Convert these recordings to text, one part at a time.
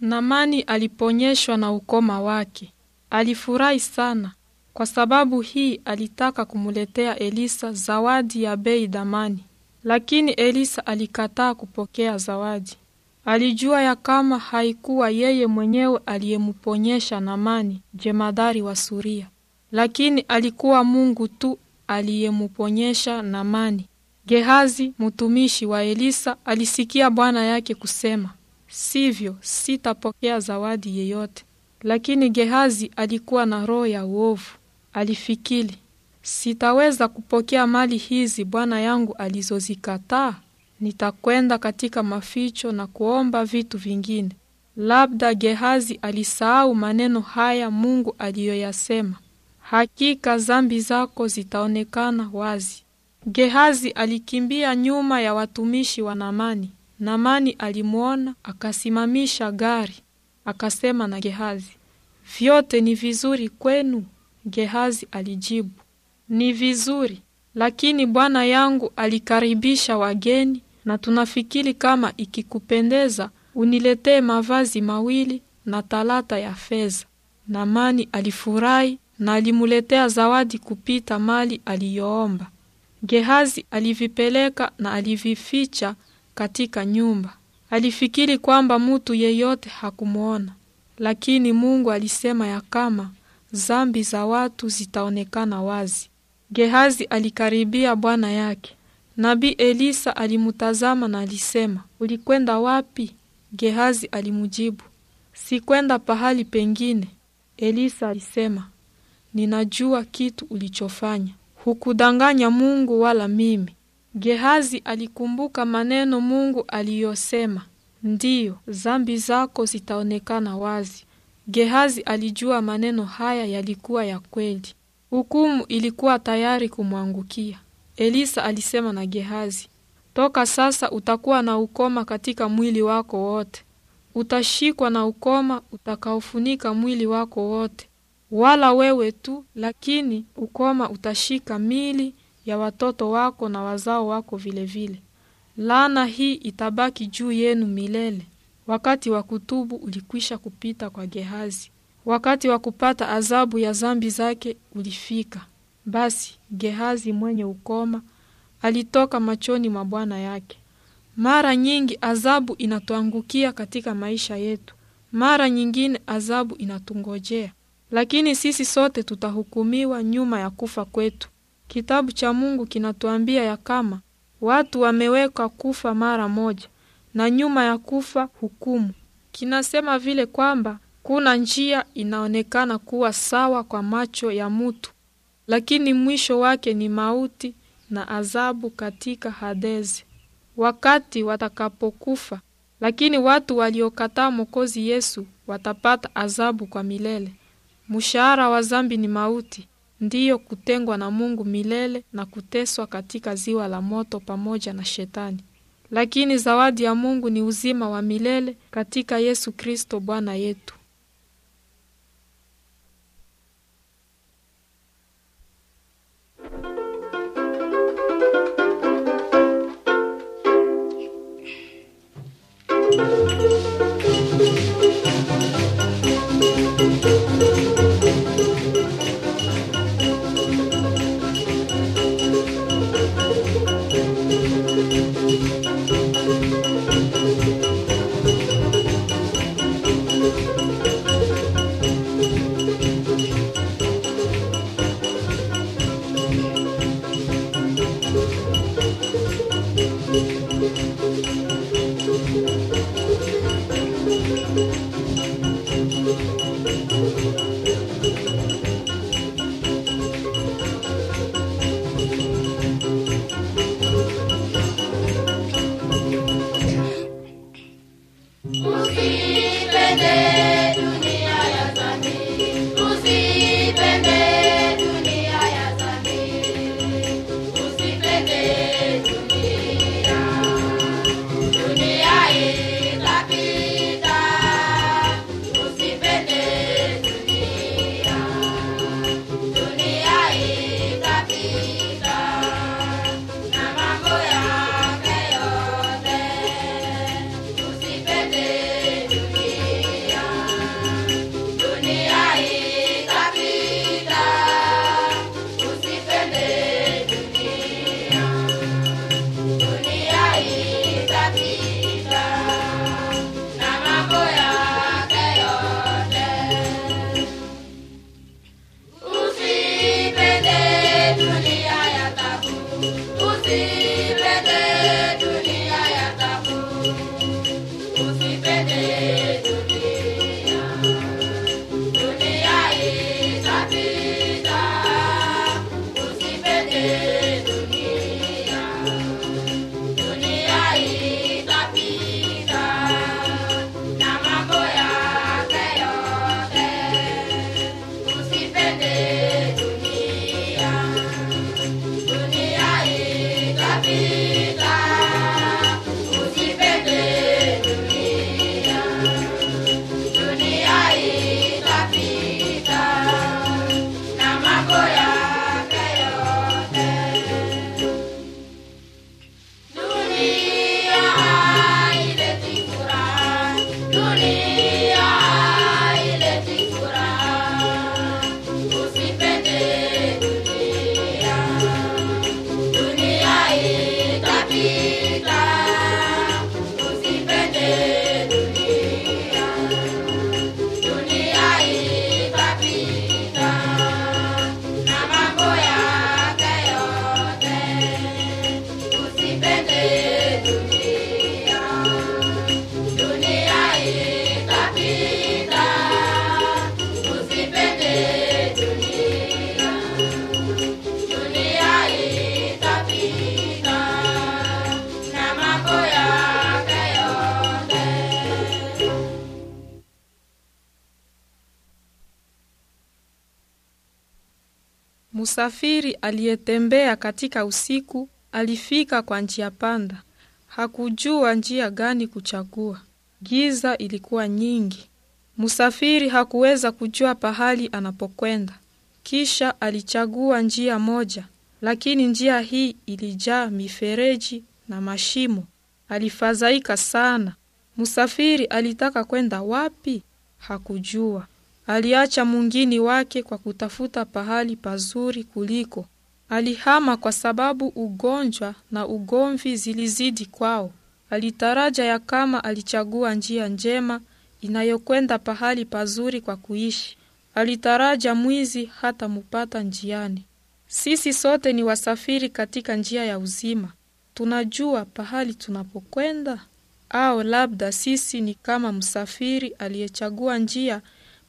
Namani aliponyeshwa na ukoma wake alifurahi sana, kwa sababu hii alitaka kumuletea Elisa zawadi ya bei damani, lakini Elisa alikataa kupokea zawadi. Alijua ya kama haikuwa yeye mwenyewe aliyemuponyesha Namani jemadari wa Suria, lakini alikuwa Mungu tu aliyemuponyesha Namani. Gehazi mtumishi wa Elisa alisikia bwana yake kusema sivyo sitapokea zawadi yeyote. Lakini Gehazi alikuwa na roho ya uovu, alifikiri sitaweza kupokea mali hizi bwana yangu alizozikataa. Nitakwenda katika maficho na kuomba vitu vingine. Labda Gehazi alisahau maneno haya Mungu aliyoyasema, hakika zambi zako zitaonekana wazi. Gehazi alikimbia nyuma ya watumishi wa namani Namani alimwona akasimamisha gari, akasema na Gehazi, vyote ni vizuri kwenu? Gehazi alijibu, ni vizuri, lakini bwana yangu alikaribisha wageni, na tunafikiri kama ikikupendeza uniletee mavazi mawili na talata ya feza Namani alifurahi na alimuletea zawadi kupita mali aliyoomba. Gehazi alivipeleka na alivificha katika nyumba. Alifikiri kwamba mutu yeyote hakumwona, lakini Mungu alisema ya kama zambi za watu zitaonekana wazi. Gehazi alikaribia bwana yake. Nabii Elisa alimutazama na alisema, ulikwenda wapi? Gehazi alimujibu, sikwenda pahali pengine. Elisa alisema, ninajua kitu ulichofanya, hukudanganya Mungu wala mimi. Gehazi alikumbuka maneno Mungu aliyosema, ndiyo zambi zako zitaonekana wazi. Gehazi alijua maneno haya yalikuwa ya kweli. Hukumu ilikuwa tayari kumwangukia. Elisa alisema na Gehazi, toka sasa utakuwa na ukoma katika mwili wako wote, utashikwa na ukoma utakaofunika mwili wako wote, wala wewe tu, lakini ukoma utashika mili ya watoto wako na wazao wako vilevile. Laana hii itabaki juu yenu milele. Wakati wa kutubu ulikwisha kupita kwa Gehazi, wakati wa kupata adhabu ya zambi zake ulifika. Basi Gehazi mwenye ukoma alitoka machoni mwa bwana yake. Mara nyingi adhabu inatuangukia katika maisha yetu, mara nyingine adhabu inatungojea, lakini sisi sote tutahukumiwa nyuma ya kufa kwetu. Kitabu cha Mungu kinatuambia ya kama watu wamewekwa kufa mara moja na nyuma ya kufa hukumu. Kinasema vile kwamba kuna njia inaonekana kuwa sawa kwa macho ya mutu, lakini mwisho wake ni mauti na azabu katika Hadezi wakati watakapokufa. Lakini watu waliokataa mokozi Yesu watapata azabu kwa milele. Mshahara wa zambi ni mauti, ndiyo kutengwa na Mungu milele na kuteswa katika ziwa la moto pamoja na Shetani. Lakini zawadi ya Mungu ni uzima wa milele katika Yesu Kristo Bwana yetu. Thank you. see. Msafiri aliyetembea katika usiku alifika kwa njia panda. Hakujua njia gani kuchagua. Giza ilikuwa nyingi. Msafiri hakuweza kujua pahali anapokwenda. Kisha alichagua njia moja, lakini njia hii ilijaa mifereji na mashimo. Alifadhaika sana. Msafiri alitaka kwenda wapi? Hakujua aliacha mungini wake kwa kutafuta pahali pazuri kuliko. Alihama kwa sababu ugonjwa na ugomvi zilizidi kwao. Alitaraja ya kama alichagua njia njema inayokwenda pahali pazuri kwa kuishi. Alitaraja mwizi hata mupata njiani. Sisi sote ni wasafiri katika njia ya uzima. Tunajua pahali tunapokwenda, au labda sisi ni kama msafiri aliyechagua njia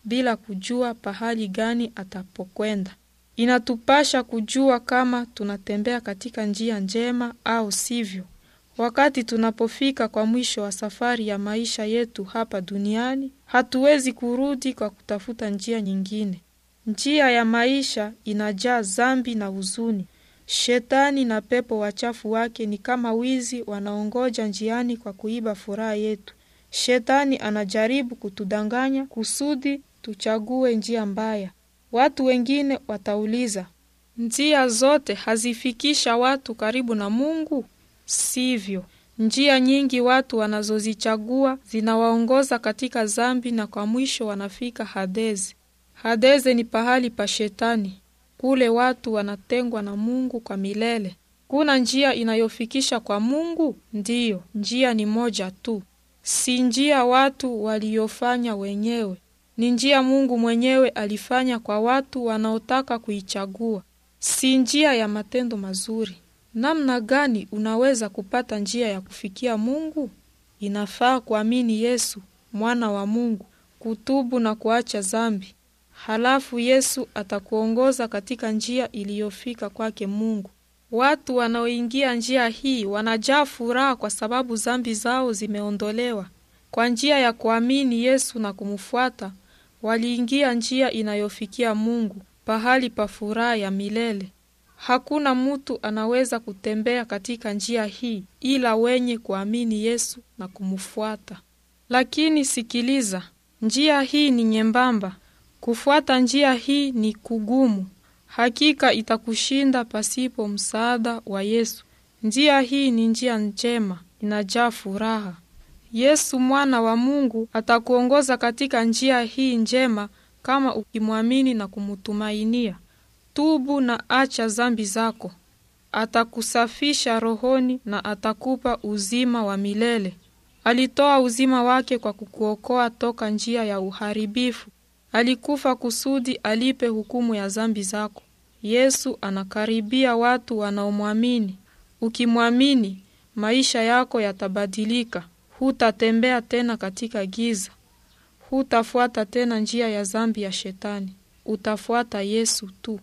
bila kujua pahali gani atapokwenda. Inatupasha kujua kama tunatembea katika njia njema au sivyo. Wakati tunapofika kwa mwisho wa safari ya maisha yetu hapa duniani, hatuwezi kurudi kwa kutafuta njia nyingine. Njia ya maisha inajaa zambi na huzuni. Shetani na pepo wachafu wake ni kama wizi, wanaongoja njiani kwa kuiba furaha yetu. Shetani anajaribu kutudanganya kusudi tuchague njia mbaya. Watu wengine watauliza, njia zote hazifikisha watu karibu na Mungu? Sivyo. Njia nyingi watu wanazozichagua zinawaongoza katika zambi na kwa mwisho wanafika Hadeze. Hadeze ni pahali pa Shetani. Kule watu wanatengwa na Mungu kwa milele. Kuna njia inayofikisha kwa Mungu? Ndiyo, njia ni moja tu, si njia watu waliyofanya wenyewe ni njia Mungu mwenyewe alifanya kwa watu wanaotaka kuichagua, si njia ya matendo mazuri. Namna gani unaweza kupata njia ya kufikia Mungu? Inafaa kuamini Yesu mwana wa Mungu, kutubu na kuacha zambi. Halafu Yesu atakuongoza katika njia iliyofika kwake Mungu. Watu wanaoingia njia hii wanajaa furaha kwa sababu zambi zao zimeondolewa. Kwa njia ya kuamini Yesu na kumfuata, Waliingia njia inayofikia Mungu, pahali pa furaha ya milele. Hakuna mutu anaweza kutembea katika njia hii ila wenye kuamini Yesu na kumufuata Lakini sikiliza, njia hii ni nyembamba, kufuata njia hii ni kugumu. Hakika itakushinda pasipo msaada wa Yesu. Njia hii ni njia njema, inajaa furaha. Yesu mwana wa Mungu atakuongoza katika njia hii njema kama ukimwamini na kumutumainia. Tubu na acha zambi zako, atakusafisha rohoni na atakupa uzima wa milele. Alitoa uzima wake kwa kukuokoa toka njia ya uharibifu. Alikufa kusudi alipe hukumu ya zambi zako. Yesu anakaribia watu wanaomwamini. Ukimwamini, maisha yako yatabadilika. Hutatembea tena katika giza, hutafuata tena njia ya zambi ya shetani, utafuata Yesu tu.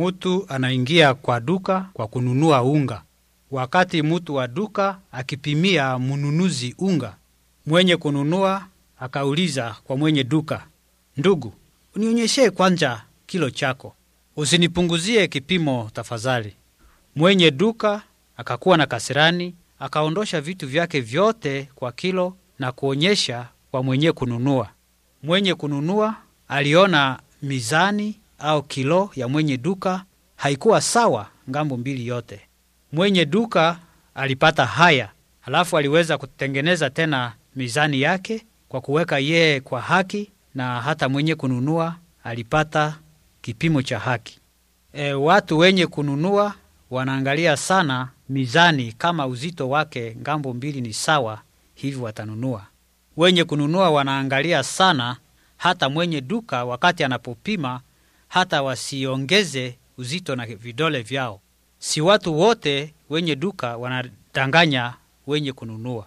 mutu anaingia kwa duka kwa kununua unga. Wakati mutu wa duka akipimia mununuzi unga, mwenye kununua akauliza kwa mwenye duka, ndugu, unionyeshe kwanja kilo chako, usinipunguzie kipimo tafadhali. Mwenye duka akakuwa na kasirani, akaondosha vitu vyake vyote kwa kilo na kuonyesha kwa mwenye kununua. Mwenye kununua aliona mizani au kilo ya mwenye duka haikuwa sawa ngambo mbili yote. Mwenye duka alipata haya, alafu aliweza kutengeneza tena mizani yake kwa kuweka yeye kwa haki, na hata mwenye kununua alipata kipimo cha haki. E, watu wenye kununua wanaangalia sana mizani, kama uzito wake ngambo mbili ni sawa, hivyo watanunua. Wenye kununua wanaangalia sana hata mwenye duka wakati anapopima hata wasiongeze uzito na vidole vyao. Si watu wote wenye duka wanadanganya wenye kununua.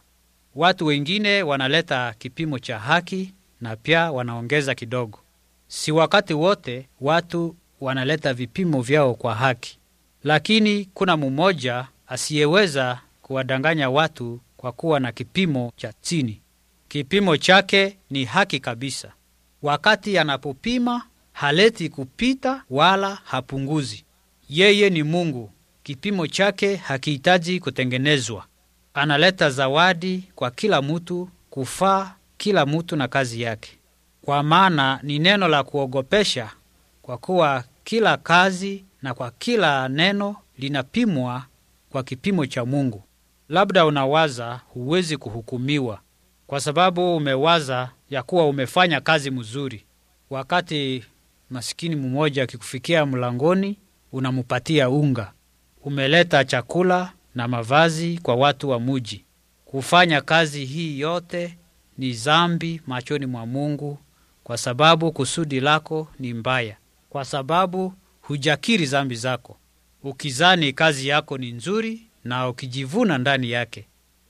Watu wengine wanaleta kipimo cha haki na pia wanaongeza kidogo. Si wakati wote watu wanaleta vipimo vyao kwa haki, lakini kuna mmoja asiyeweza kuwadanganya watu kwa kuwa na kipimo cha chini. Kipimo chake ni haki kabisa. Wakati anapopima haleti kupita wala hapunguzi. Yeye ni Mungu, kipimo chake hakihitaji kutengenezwa. Analeta zawadi kwa kila mutu, kufaa kila mutu na kazi yake. Kwa maana ni neno la kuogopesha, kwa kuwa kila kazi na kwa kila neno linapimwa kwa kipimo cha Mungu. Labda unawaza huwezi kuhukumiwa kwa sababu umewaza ya kuwa umefanya kazi mzuri, wakati masikini mmoja akikufikia mlangoni, unamupatia unga. Umeleta chakula na mavazi kwa watu wa muji. Kufanya kazi hii yote ni zambi machoni mwa Mungu, kwa sababu kusudi lako ni mbaya, kwa sababu hujakiri zambi zako, ukizani kazi yako ni nzuri na ukijivuna ndani yake.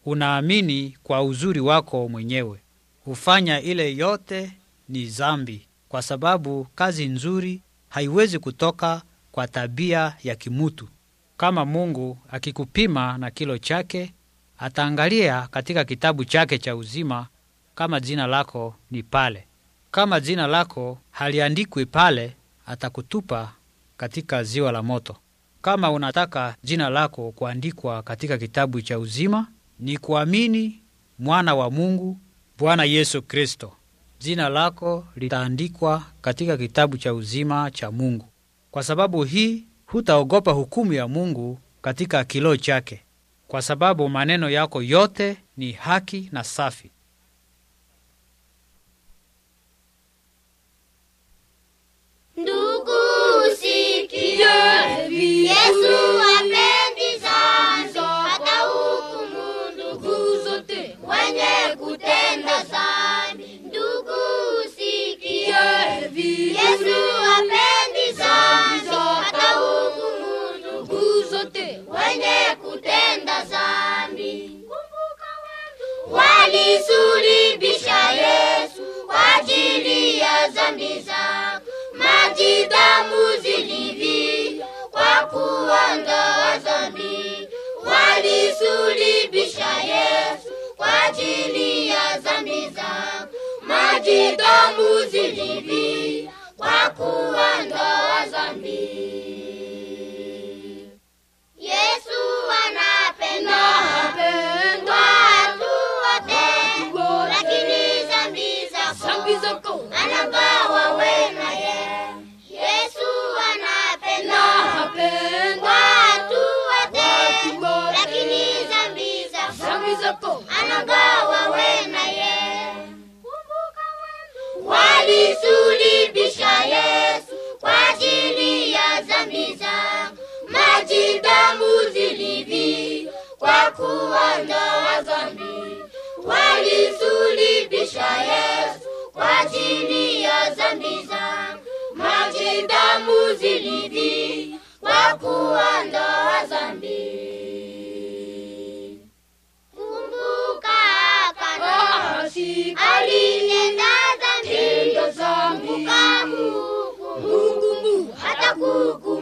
Unaamini kwa uzuri wako mwenyewe. Kufanya ile yote ni zambi kwa sababu kazi nzuri haiwezi kutoka kwa tabia ya kimutu. Kama Mungu akikupima na kilo chake, ataangalia katika kitabu chake cha uzima kama jina lako ni pale. Kama jina lako haliandikwi pale, atakutupa katika ziwa la moto. Kama unataka jina lako kuandikwa katika kitabu cha uzima, ni kuamini mwana wa Mungu, Bwana Yesu Kristo jina lako litaandikwa katika kitabu cha uzima cha Mungu. Kwa sababu hii hutaogopa hukumu ya Mungu katika kiloo chake, kwa sababu maneno yako yote ni haki na safi. Ndugu, sikia Yesu Ulinisulubisha Yesu kwa ajili ya dhambi zangu, maji damu zilivyo kwa kuondoa zambi Ulinisulubisha Yesu kwa ajili ya dhambi zangu, maji damu zilivyo kwa kuondoa dhambi. zangu zilivii kwa kuondoa dhambi. Walisulibisha Yesu kwa ajili ya dhambi zangu, maji damu zilivii kwa kuondoa Mungu hata kuku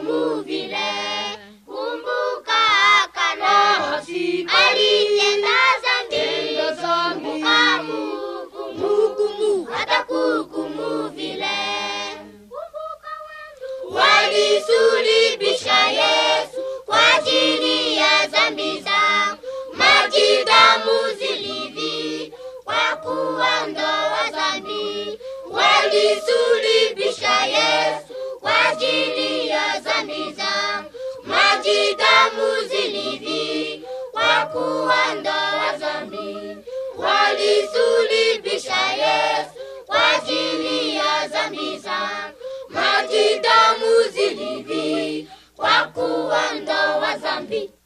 Walisulibisha Yesu kwa ajili ya dhambi zangu, maji damu zilivii kwa kuondoa dhambi. Walisulibisha Yesu kwa ajili ya zangu, maji damu kuondoa dhambi, walisulibisha Yesu kwa ajili ya dhambi zangu, maji damu zilidhi kwa kuondoa dhambi.